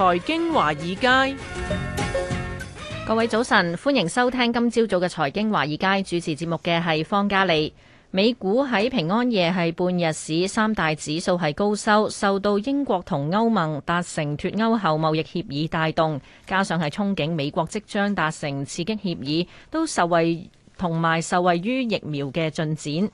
財經華爾街，各位早晨，歡迎收聽今朝早嘅財經華爾街主持節目嘅係方嘉利，美股喺平安夜係半日市，三大指數係高收，受到英國同歐盟達成脫歐後貿易協議帶動，加上係憧憬美國即將達成刺激協議，都受惠同埋受惠於疫苗嘅進展。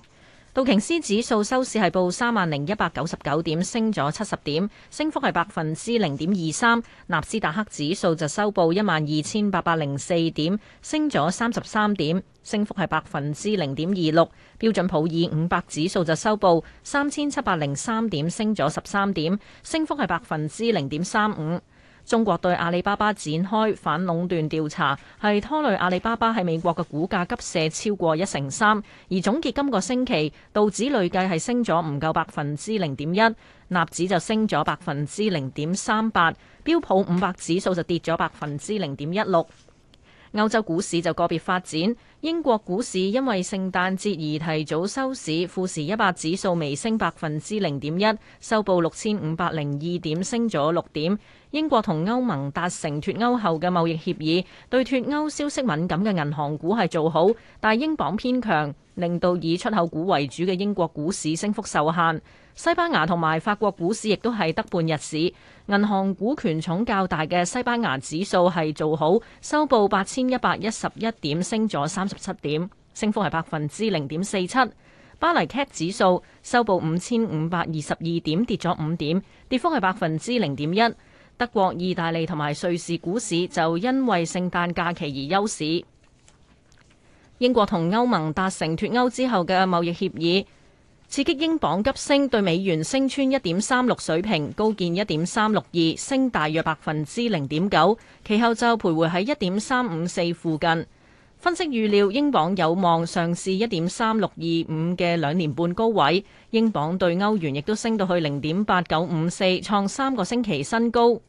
道瓊斯指數收市係報三萬零一百九十九點，升咗七十點，升幅係百分之零點二三。納斯達克指數就收報一萬二千八百零四點，升咗三十三點，升幅係百分之零點二六。標準普爾五百指數就收報三千七百零三點，升咗十三點，升幅係百分之零點三五。中國對阿里巴巴展開反壟斷調查，係拖累阿里巴巴喺美國嘅股價急瀉超過一成三。而總結今個星期，道指累計係升咗唔夠百分之零點一，納指就升咗百分之零點三八，標普五百指數就跌咗百分之零點一六。歐洲股市就個別發展。英國股市因為聖誕節而提早收市，富時一百指數微升百分之零點一，收報六千五百零二點，升咗六點。英國同歐盟達成脱歐後嘅貿易協議，對脱歐消息敏感嘅銀行股係做好，但英鎊偏強，令到以出口股為主嘅英國股市升幅受限。西班牙同埋法國股市亦都係得半日市，銀行股權重較大嘅西班牙指數係做好，收報八千一百一十一點，升咗三。三十七點，升幅係百分之零點四七。巴黎 CAC 指數收報五千五百二十二點，跌咗五點，跌幅係百分之零點一。德國、意大利同埋瑞士股市就因為聖誕假期而休市。英國同歐盟達成脫歐之後嘅貿易協議，刺激英鎊急升，對美元升穿一點三六水平，高見一點三六二，升大約百分之零點九。其後就徘徊喺一點三五四附近。分析預料，英鎊有望上試一點三六二五嘅兩年半高位。英鎊對歐元亦都升到去零點八九五四，創三個星期新高。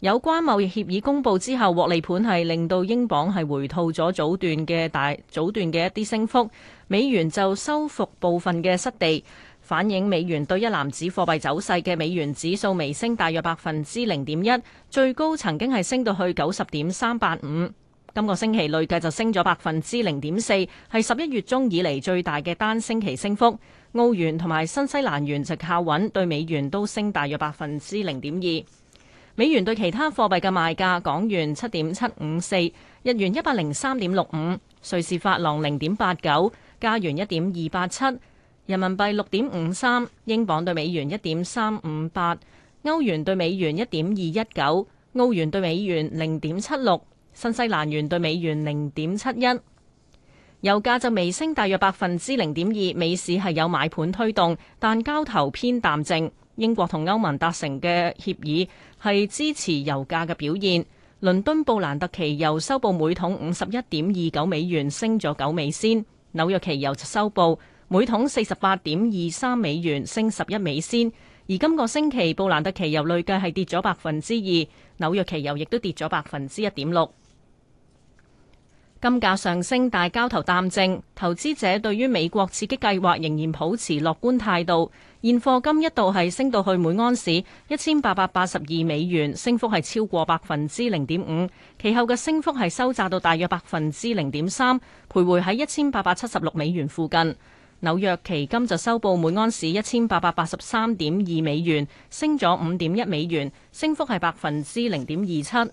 有關貿易協議公佈之後，獲利盤係令到英鎊係回吐咗早段嘅大早段嘅一啲升幅。美元就收復部分嘅失地，反映美元對一籃子貨幣走勢嘅美元指數微升大約百分之零點一，最高曾經係升到去九十點三八五。今個星期累計就升咗百分之零點四，係十一月中以嚟，最大嘅單星期升幅。澳元同埋新西蘭元就靠穩，對美元都升大約百分之零點二。美元對其他貨幣嘅賣價：港元七點七五四，日元一百零三點六五，瑞士法郎零點八九，加元一點二八七，人民幣六點五三，英鎊對美元一點三五八，歐元對美元一點二一九，澳元對美元零點七六。新西蘭元對美元零點七一，油價就微升，大約百分之零點二。美市係有買盤推動，但交投偏淡靜。英國同歐盟達成嘅協議係支持油價嘅表現。倫敦布蘭特期油收報每桶五十一點二九美元升美，升咗九美仙。紐約期油收報每桶四十八點二三美元，升十一美仙。而今個星期布蘭特期油累計係跌咗百分之二，紐約期油亦都跌咗百分之一點六。金價上升，大交投淡靜。投資者對於美國刺激計劃仍然保持樂觀態度。現貨金一度係升到去每安士一千八百八十二美元，升幅係超過百分之零點五，其後嘅升幅係收窄到大約百分之零點三，徘徊喺一千八百七十六美元附近。紐約期金就收報每安士一千八百八十三點二美元，升咗五點一美元，升幅係百分之零點二七。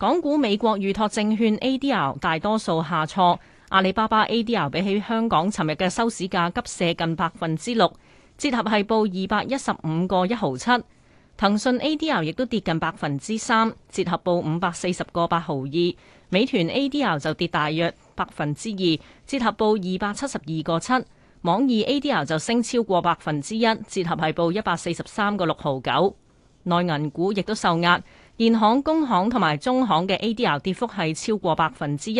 港股、美國預託證券 ADR 大多數下挫，阿里巴巴 ADR 比起香港尋日嘅收市價急瀉近百分之六，折合係報二百一十五個一毫七。騰訊 ADR 亦都跌近百分之三，折合報五百四十個八毫二。美團 ADR 就跌大約百分之二，折合報二百七十二個七。網易 ADR 就升超過百分之一，折合係報一百四十三個六毫九。內銀股亦都受壓。建行、工行同埋中行嘅 ADR 跌幅係超過百分之一，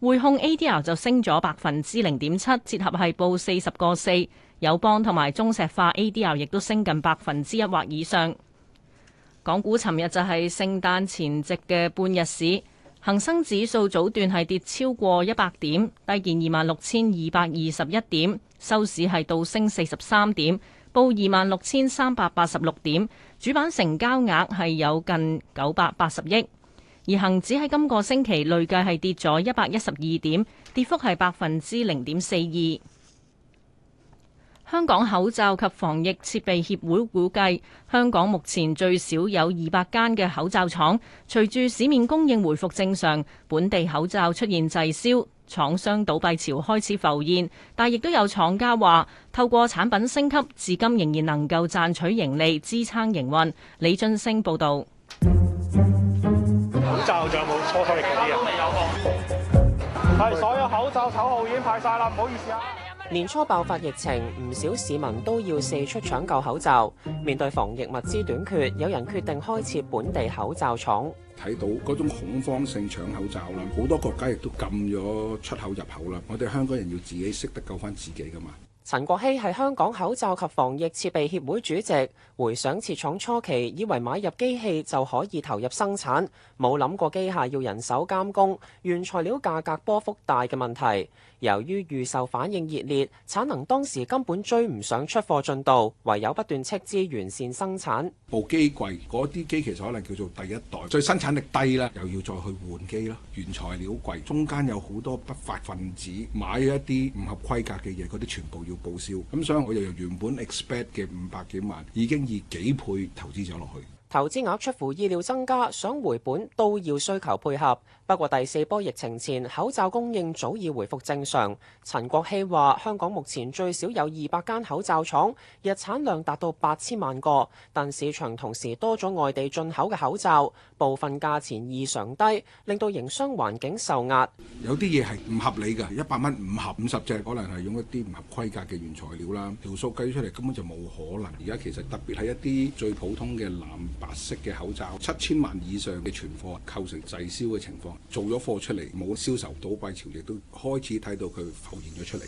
匯控 ADR 就升咗百分之零點七，折合係報四十個四。友邦同埋中石化 ADR 亦都升近百分之一或以上。港股尋日就係聖誕前夕嘅半日市，恒生指數早段係跌超過一百點，低見二萬六千二百二十一點，收市係倒升四十三點。報二萬六千三百八十六點，主板成交額係有近九百八十億，而恒指喺今個星期累計係跌咗一百一十二點，跌幅係百分之零點四二。香港口罩及防疫設備協會估計，香港目前最少有二百間嘅口罩廠，隨住市面供應回復正常，本地口罩出現滯銷。廠商倒閉潮開始浮現，但亦都有廠家話透過產品升級，至今仍然能夠賺取盈利，支撐營運。李俊升報導。口罩仲有冇？其他都未有過。係所有口罩，手套已經派晒啦，唔好意思啊。年初爆發疫情，唔少市民都要四出搶救口罩。面對防疫物資短缺，有人決定開設本地口罩廠。睇到嗰種恐慌性搶口罩啦，好多國家亦都禁咗出口入口啦。我哋香港人要自己識得救翻自己㗎嘛。陳國希係香港口罩及防疫設備協會主席。回想設廠初期，以為買入機器就可以投入生產，冇諗過機械要人手監工、原材料價格波幅大嘅問題。由於預售反應熱烈，產能當時根本追唔上出貨進度，唯有不斷斥資完善生產。部機貴，嗰啲機其實可能叫做第一代，所以生產力低啦，又要再去換機咯。原材料貴，中間有好多不法分子買一啲唔合規格嘅嘢，嗰啲全部要報銷咁，所以我就由原本 expect 嘅五百幾萬，已經以幾倍投資咗落去。投資額出乎意料增加，想回本都要需求配合。不過第四波疫情前，口罩供應早已回復正常。陳國希話：香港目前最少有二百間口罩廠，日產量達到八千萬個。但市場同時多咗外地進口嘅口罩，部分價錢異常低，令到營商環境受壓。有啲嘢係唔合理㗎，一百蚊五盒五十隻，可能係用一啲唔合規格嘅原材料啦，條數計出嚟根本就冇可能。而家其實特別係一啲最普通嘅藍白色嘅口罩七千萬以上嘅存貨構成滯銷嘅情況，做咗貨出嚟冇銷售，倒閉潮亦都開始睇到佢浮現咗出嚟。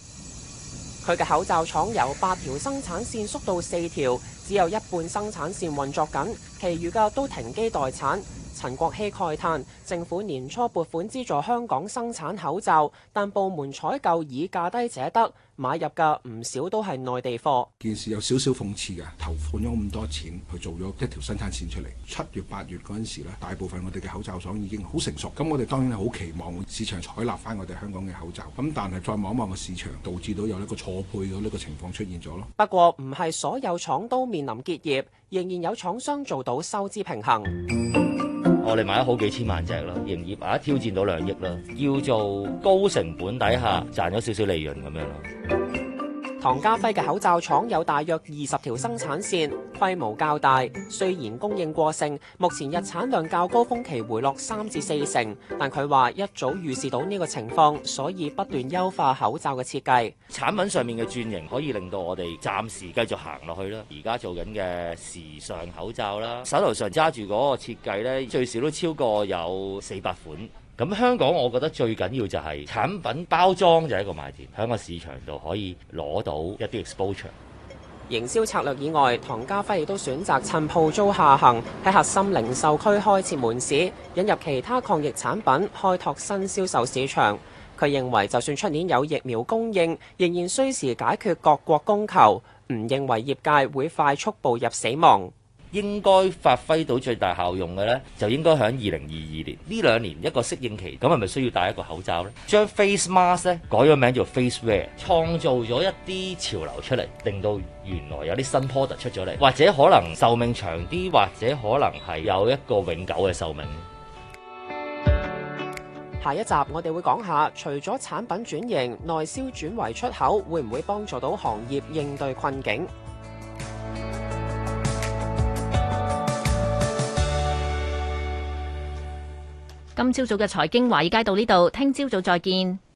佢嘅口罩廠由八條生產線縮到四條，只有一半生產線運作緊，其餘嘅都停機待產。陳國希慨嘆：政府年初撥款資助香港生產口罩，但部門採購以價低者得，買入嘅唔少都係內地貨。件事有少少諷刺嘅，投放咗咁多錢去做咗一條生產線出嚟，七月八月嗰陣時呢，大部分我哋嘅口罩廠已經好成熟，咁我哋當然係好期望市場採納翻我哋香港嘅口罩。咁但係再望一望個市場，導致到有一個錯配嘅呢個情況出現咗咯。不過唔係所有廠都面臨結業，仍然有廠商做到收支平衡。 我哋買咗好幾千萬隻咯，營業額挑戰到兩億啦，叫做高成本底下賺咗少少利潤咁樣咯。唐家輝嘅口罩廠有大約二十條生產線，規模較大。雖然供應過剩，目前日產量較高峰期回落三至四成，但佢話一早預示到呢個情況，所以不斷優化口罩嘅設計。產品上面嘅轉型可以令到我哋暫時繼續行落去啦。而家做緊嘅時尚口罩啦，手頭上揸住嗰個設計咧，最少都超過有四百款。咁香港，我覺得最緊要就係產品包裝，就係一個賣點，喺個市場度可以攞到一啲 exposure。營銷策略以外，唐家輝亦都選擇趁鋪租下行，喺核心零售區開設門市，引入其他抗疫產品，開拓新銷售市場，佢認為就算出年有疫苗供應，仍然需時解決各國供求，唔認為業界會快速步入死亡。應該發揮到最大效用嘅呢，就應該喺二零二二年呢兩年一個適應期，咁係咪需要戴一個口罩呢？將 face mask 呢改咗名叫 face wear，創造咗一啲潮流出嚟，令到原來有啲新 product 出咗嚟，或者可能壽命長啲，或者可能係有一個永久嘅壽命。下一集我哋會講下，除咗產品轉型，內銷轉為出口，會唔會幫助到行業應對困境？今朝早嘅財經華爾街到呢度，聽朝早再見。